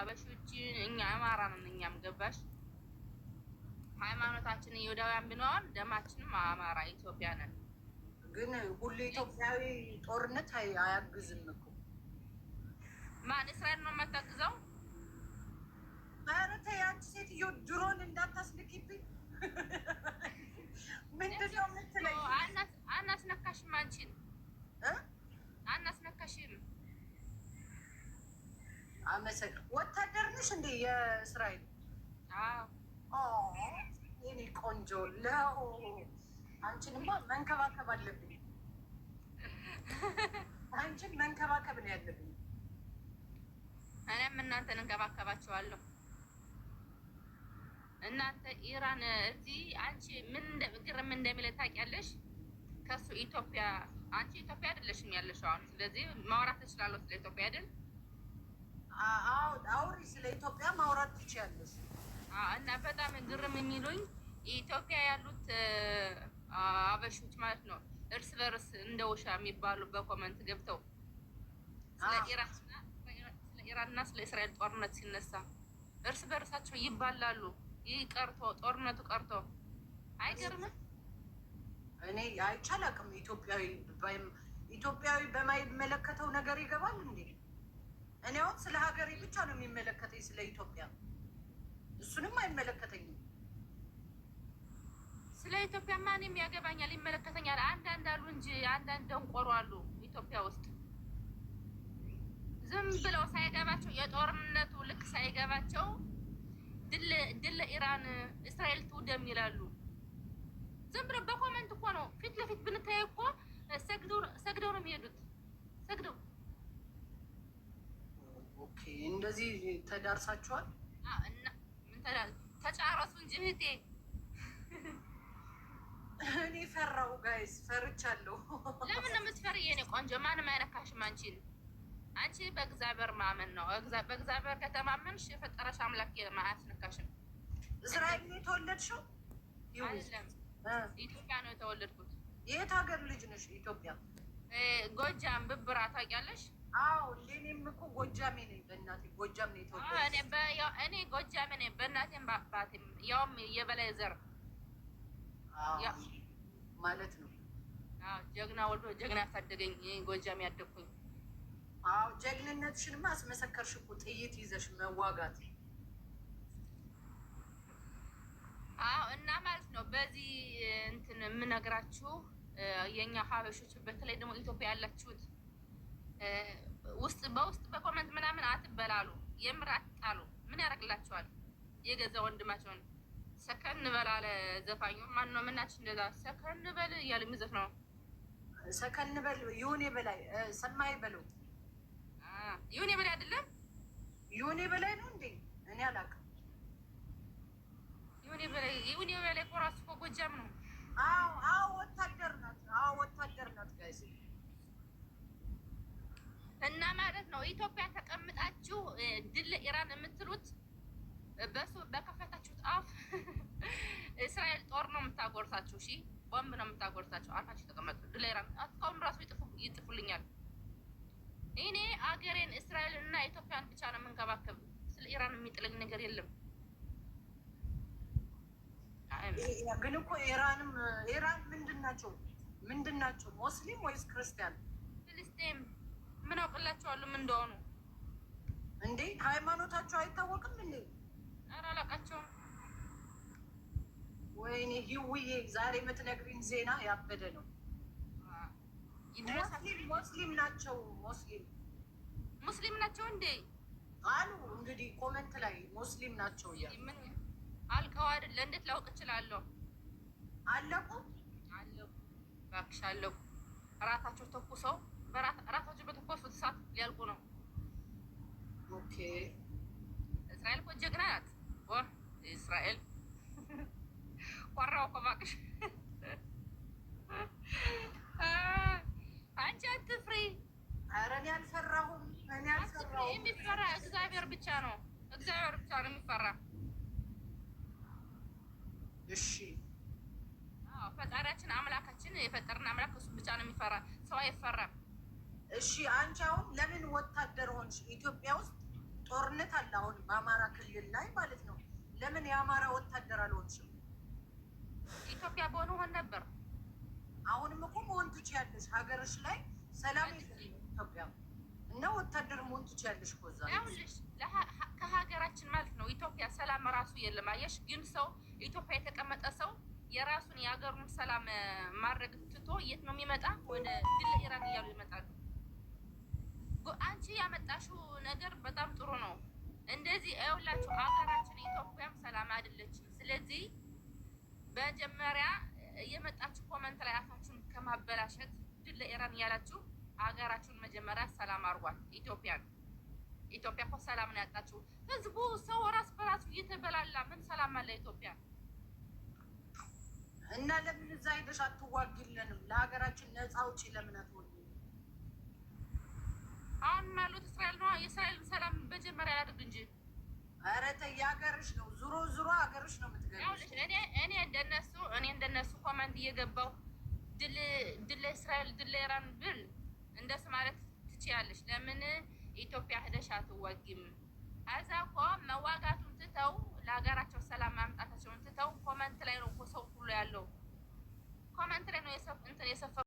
አበሾች እኛ አማራ ነን። እኛም ገባሽ ሃይማኖታችን ይሁዳውያን ብንሆን ደማችንም አማራ ኢትዮጵያ ነን። ግን ሁሉ ኢትዮጵያዊ ጦርነት አያግዝም እኮ ማን እስራኤል ነው የማታግዘው? ኧረ ተይ አንቺ ሴትዮ ድሮን እንዳታስልኪብኝ። ምንድን ነው የምትለኝ? አናስነካሽ አመሰግ ወታደር ነሽ እንዴ? የእስራኤል ይህ ቆንጆ ለው አንቺንማ መንከባከብ አለብኝ። አንቺን መንከባከብ ነው ያለብኝ። እኔም እናንተን እንከባከባችኋለሁ። እናንተ ኢራን እዚህ አንቺ ምን ግርም እንደሚለ ታውቂያለሽ። ከሱ ኢትዮጵያ አንቺ ኢትዮጵያ አይደለሽም ያለሽው አሁን። ስለዚህ ማውራት ትችላለሁ ስለ ኢትዮጵያ አይደል አውሪ ስለ ኢትዮጵያ ማውራት ትችያለሽ። እና በጣም ግርም የሚሉኝ ኢትዮጵያ ያሉት አበሾች ማለት ነው እርስ በርስ እንደ ውሻ የሚባሉ በኮመንት ገብተው ስለ ኢራንና ስለ እስራኤል ጦርነት ሲነሳ እርስ በርሳቸው ይባላሉ። ይህ ቀርቶ ጦርነቱ ቀርቶ አይገርምም? እኔ አይቻል ኢትዮጵያዊ ኢትዮጵያዊ በማይመለከተው ነገር ይገባል እንዴ? እኔ አሁን ስለ ሀገሬ ብቻ ነው የሚመለከተኝ፣ ስለ ኢትዮጵያ እሱንም አይመለከተኝም። ስለ ኢትዮጵያ ማንም ያገባኛል፣ ይመለከተኛል። አንዳንድ አሉ እንጂ አንዳንድ ደንቆሮ አሉ ኢትዮጵያ ውስጥ ዝም ብለው ሳይገባቸው የጦርነቱ ልክ ሳይገባቸው ድል ኢራን እስራኤል ትውደም ይላሉ። ዝም ብለው በኮመንት እኮ ነው ፊት ለፊት ብንታይ እኮ ሰግደው ነው የሚሄዱት ሰግደው እንደዚህ ተዳርሳችኋል? እና ተጫረሱ እንጂ እህቴ፣ እኔ ፈራው። ጋይስ ፈርቻለሁ። ለምን ነው የምትፈሪ? የኔ ቆንጆ ማንም አይነካሽም አንቺን። አንቺ በእግዚአብሔር ማመን ነው። በእግዚአብሔር ከተማመንሽ የፈጠረሽ አምላክ አያስነካሽም። እስራኤል ነው የተወለድሽው? ኢትዮጵያ ነው የተወለድኩት። የት ሀገር ልጅ ነሽ? ኢትዮጵያ ጎጃም ብብራ ታውቂያለሽ? አዎ የኔም እኮ ጎጃሜ ነኝ። በእናቴ ጎጃም ነው የተወለድኩት። እኔ ጎጃሜ ነኝ በእናቴም በአባቴም ያውም የበላይ ዘር ማለት ነው። ጀግና ወልዶ ጀግና ያሳደገኝ ጎጃሜ ያደግኩኝ። አዎ ጀግንነትሽንማ አስመሰከርሽ እኮ ጥይት ይዘሽ መዋጋት። አዎ እና ማለት ነው በዚህ እንትን የምነግራችሁ የእኛ ሀበሾች በተለይ ደግሞ ኢትዮጵያ ያላችሁት ውስጥ በውስጥ በኮመንት ምናምን አትበላሉ። የምር አትጣሉ። ምን ያደርግላቸዋል? የገዛ ወንድማቸውን ሰከን በል አለ ዘፋኙ። ማን ነው ምናችን እንደዛ ሰከን በል እያለ የሚዘፍ ነው። ሰከን በል ይሁኔ በላይ ሰማይ በሉ ይሁኔ በላይ አይደለም ይሁኔ በላይ ነው እንዴ? እኔ አላውቅም። ይሁኔ በላይ ይሁኔ በላይ እኮ እኮ ጎጃም ነው። አዎ አዎ፣ ወታደር ናት። አዎ ወታደር ኢትዮጵያ ተቀምጣችሁ ድል ኢራን የምትሉት በሱ በከፈታችሁት አፍ እስራኤል ጦር ነው የምታጎርሳችሁ። እሺ ቦምብ ነው የምታጎርሳችሁ። አፋችሁ ተቀመጡ። ድል ኢራን አትቃውም ራሱ ይጥፉልኛል። እኔ አገሬን እስራኤል እና ኢትዮጵያን ብቻ ነው የምንከባከብ። ስለ ኢራን የሚጥለኝ ነገር የለም። ግን እኮ ኢራንም ኢራን ምንድን ናቸው? ምንድን ናቸው? ሙስሊም ወይስ ክርስቲያን? ፍልስጤም ምን አውቅላቸዋለሁ? ምን እንደሆኑ እንዴ? ሃይማኖታቸው አይታወቅም እንዴ? ኧረ አላውቃቸውም። ወይኔ ህውዬ፣ ዛሬ የምትነግሪን ዜና ያበደ ነው። ሙስሊም ናቸው። ሙስሊም ሙስሊም ናቸው እንዴ አሉ። እንግዲህ ኮመንት ላይ ሙስሊም ናቸው እያሉ አልከው አይደለ? እንዴት ላውቅ እችላለሁ? አለቁ አለቁ፣ እባክሽ አለቁ። እራሳቸው ተኩሰው በራሳቸው በተኮሱ እሳት ሊያልቁ ነው። ኦኬ እስራኤል እኮ ጀግና ናት። እስራኤል ኮራው እኮ እባክሽ አንቺ አትፍሪ። ኧረ እኔ አልፈራሁም። እኔ አልፈራሁም። የሚፈራ እግዚአብሔር ብቻ ነው። እግዚአብሔር ብቻ ነው የሚፈራ። እሺ ፈጣሪያችን አምላካችን የፈጠርን አምላክ እሱ ብቻ ነው የሚፈራ። ሰው አይፈራም። እሺ አንቺ አሁን ለምን ወታደር ሆንሽ? ኢትዮጵያ ውስጥ ጦርነት አለ አሁን በአማራ ክልል ላይ ማለት ነው። ለምን የአማራ ወታደር አልሆንሽም? ኢትዮጵያ በሆነ ሆን ነበር። አሁንም እኮ መሆን ትችያለሽ። ሀገርሽ ላይ ሰላም ኢትዮጵያ እና ወታደር መሆን ትችያለሽ። ኮዛ ሁልሽ ከሀገራችን ማለት ነው። ኢትዮጵያ ሰላም ራሱ የለም። አየሽ፣ ግን ሰው ኢትዮጵያ የተቀመጠ ሰው የራሱን የሀገሩን ሰላም ማድረግ ትቶ የት ነው የሚመጣ ወደ ስለዚህ ይኸውላችሁ አገራችን ኢትዮጵያም ሰላም አይደለችም። ስለዚህ መጀመሪያ የመጣችሁ ኮመንት ላይ አፋችሁን ከማበላሸት ድል ለኢራን እያላችሁ ሀገራችሁን መጀመሪያ ሰላም አድርጓል። ኢትዮጵያን ኢትዮጵያ እኮ ሰላም ነው ያጣችሁ። ህዝቡ ሰው ራስ በራሱ እየተበላላ ምን ሰላም አለ ኢትዮጵያ? እና ለምን እዛ ሄደሽ አትዋጊልንም? ለሀገራችን ነፃ ውጪ ለምን አትወጊ? አሁን ያሉት እስራኤል ነው። የእስራኤል ሰላም መጀመሪያ ያድርግ እንጂ የሀገርሽ ነው። ዙሮ ዙሮ ሀገርሽ ነው የምትገቢው። እኔ እንደነሱ እኔ እንደነሱ ኮመንት እየገባው ድል ድል እስራኤል ድል ኢራን ብል እንደሱ ማለት ትችያለሽ። ለምን ኢትዮጵያ ሄደሽ አትዋጊም? አዛ እኮ መዋጋቱን ትተው ለሀገራቸው ሰላም ማምጣታቸውን ትተው ኮመንት ላይ ነው እኮ ሰው ሁሉ ያለው ኮመንት ላይ ነው የሰፈ